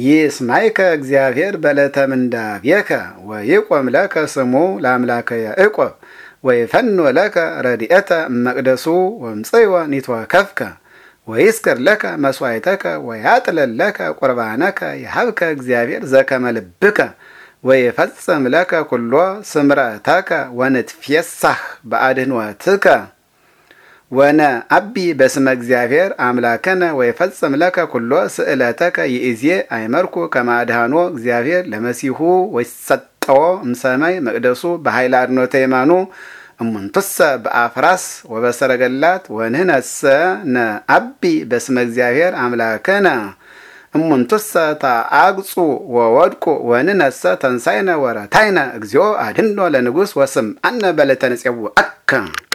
ይስማይከ እግዚአብሔር በለተ ምንዳቤከ ወይቆም ለከ ስሙ ለአምላከ ያዕቆብ ወይፈኖ ለከ ረድኤተ መቅደሱ እመቅደሱ ወምጽእወ ኒትወከፍከ ወይስክር ለከ መስዋዕተከ ወያጥልል ለከ ቁርባነከ የሀብከ እግዚአብሔር ዘከመ ልብከ ወይፈጽም ለከ ኩሎ ስምረተከ ወንትፌሳህ በአድኅኖትከ ወነ አቢ በስመ እግዚአብሔር አምላከነ ወይፈጽም ለከ ኩሎ ስእለተከ ይእዜ አይመርኩ ከማድሃኖ እግዚአብሔር ለመሲሁ ወይሰጠዎ እምሰማይ መቅደሱ በኃይለ አድኖተ የማኑ እሙንቱሰ በአፍራስ ወበሰረገላት ወንህነሰ ነ አቢ በስመ እግዚአብሔር አምላከነ እሙንቱሰ ታአግጹ ወወድቁ ወንነሰ ተንሳይነ ወረታይነ እግዚኦ አድኖ ለንጉሥ ወስም አነ በለተንጼው አከ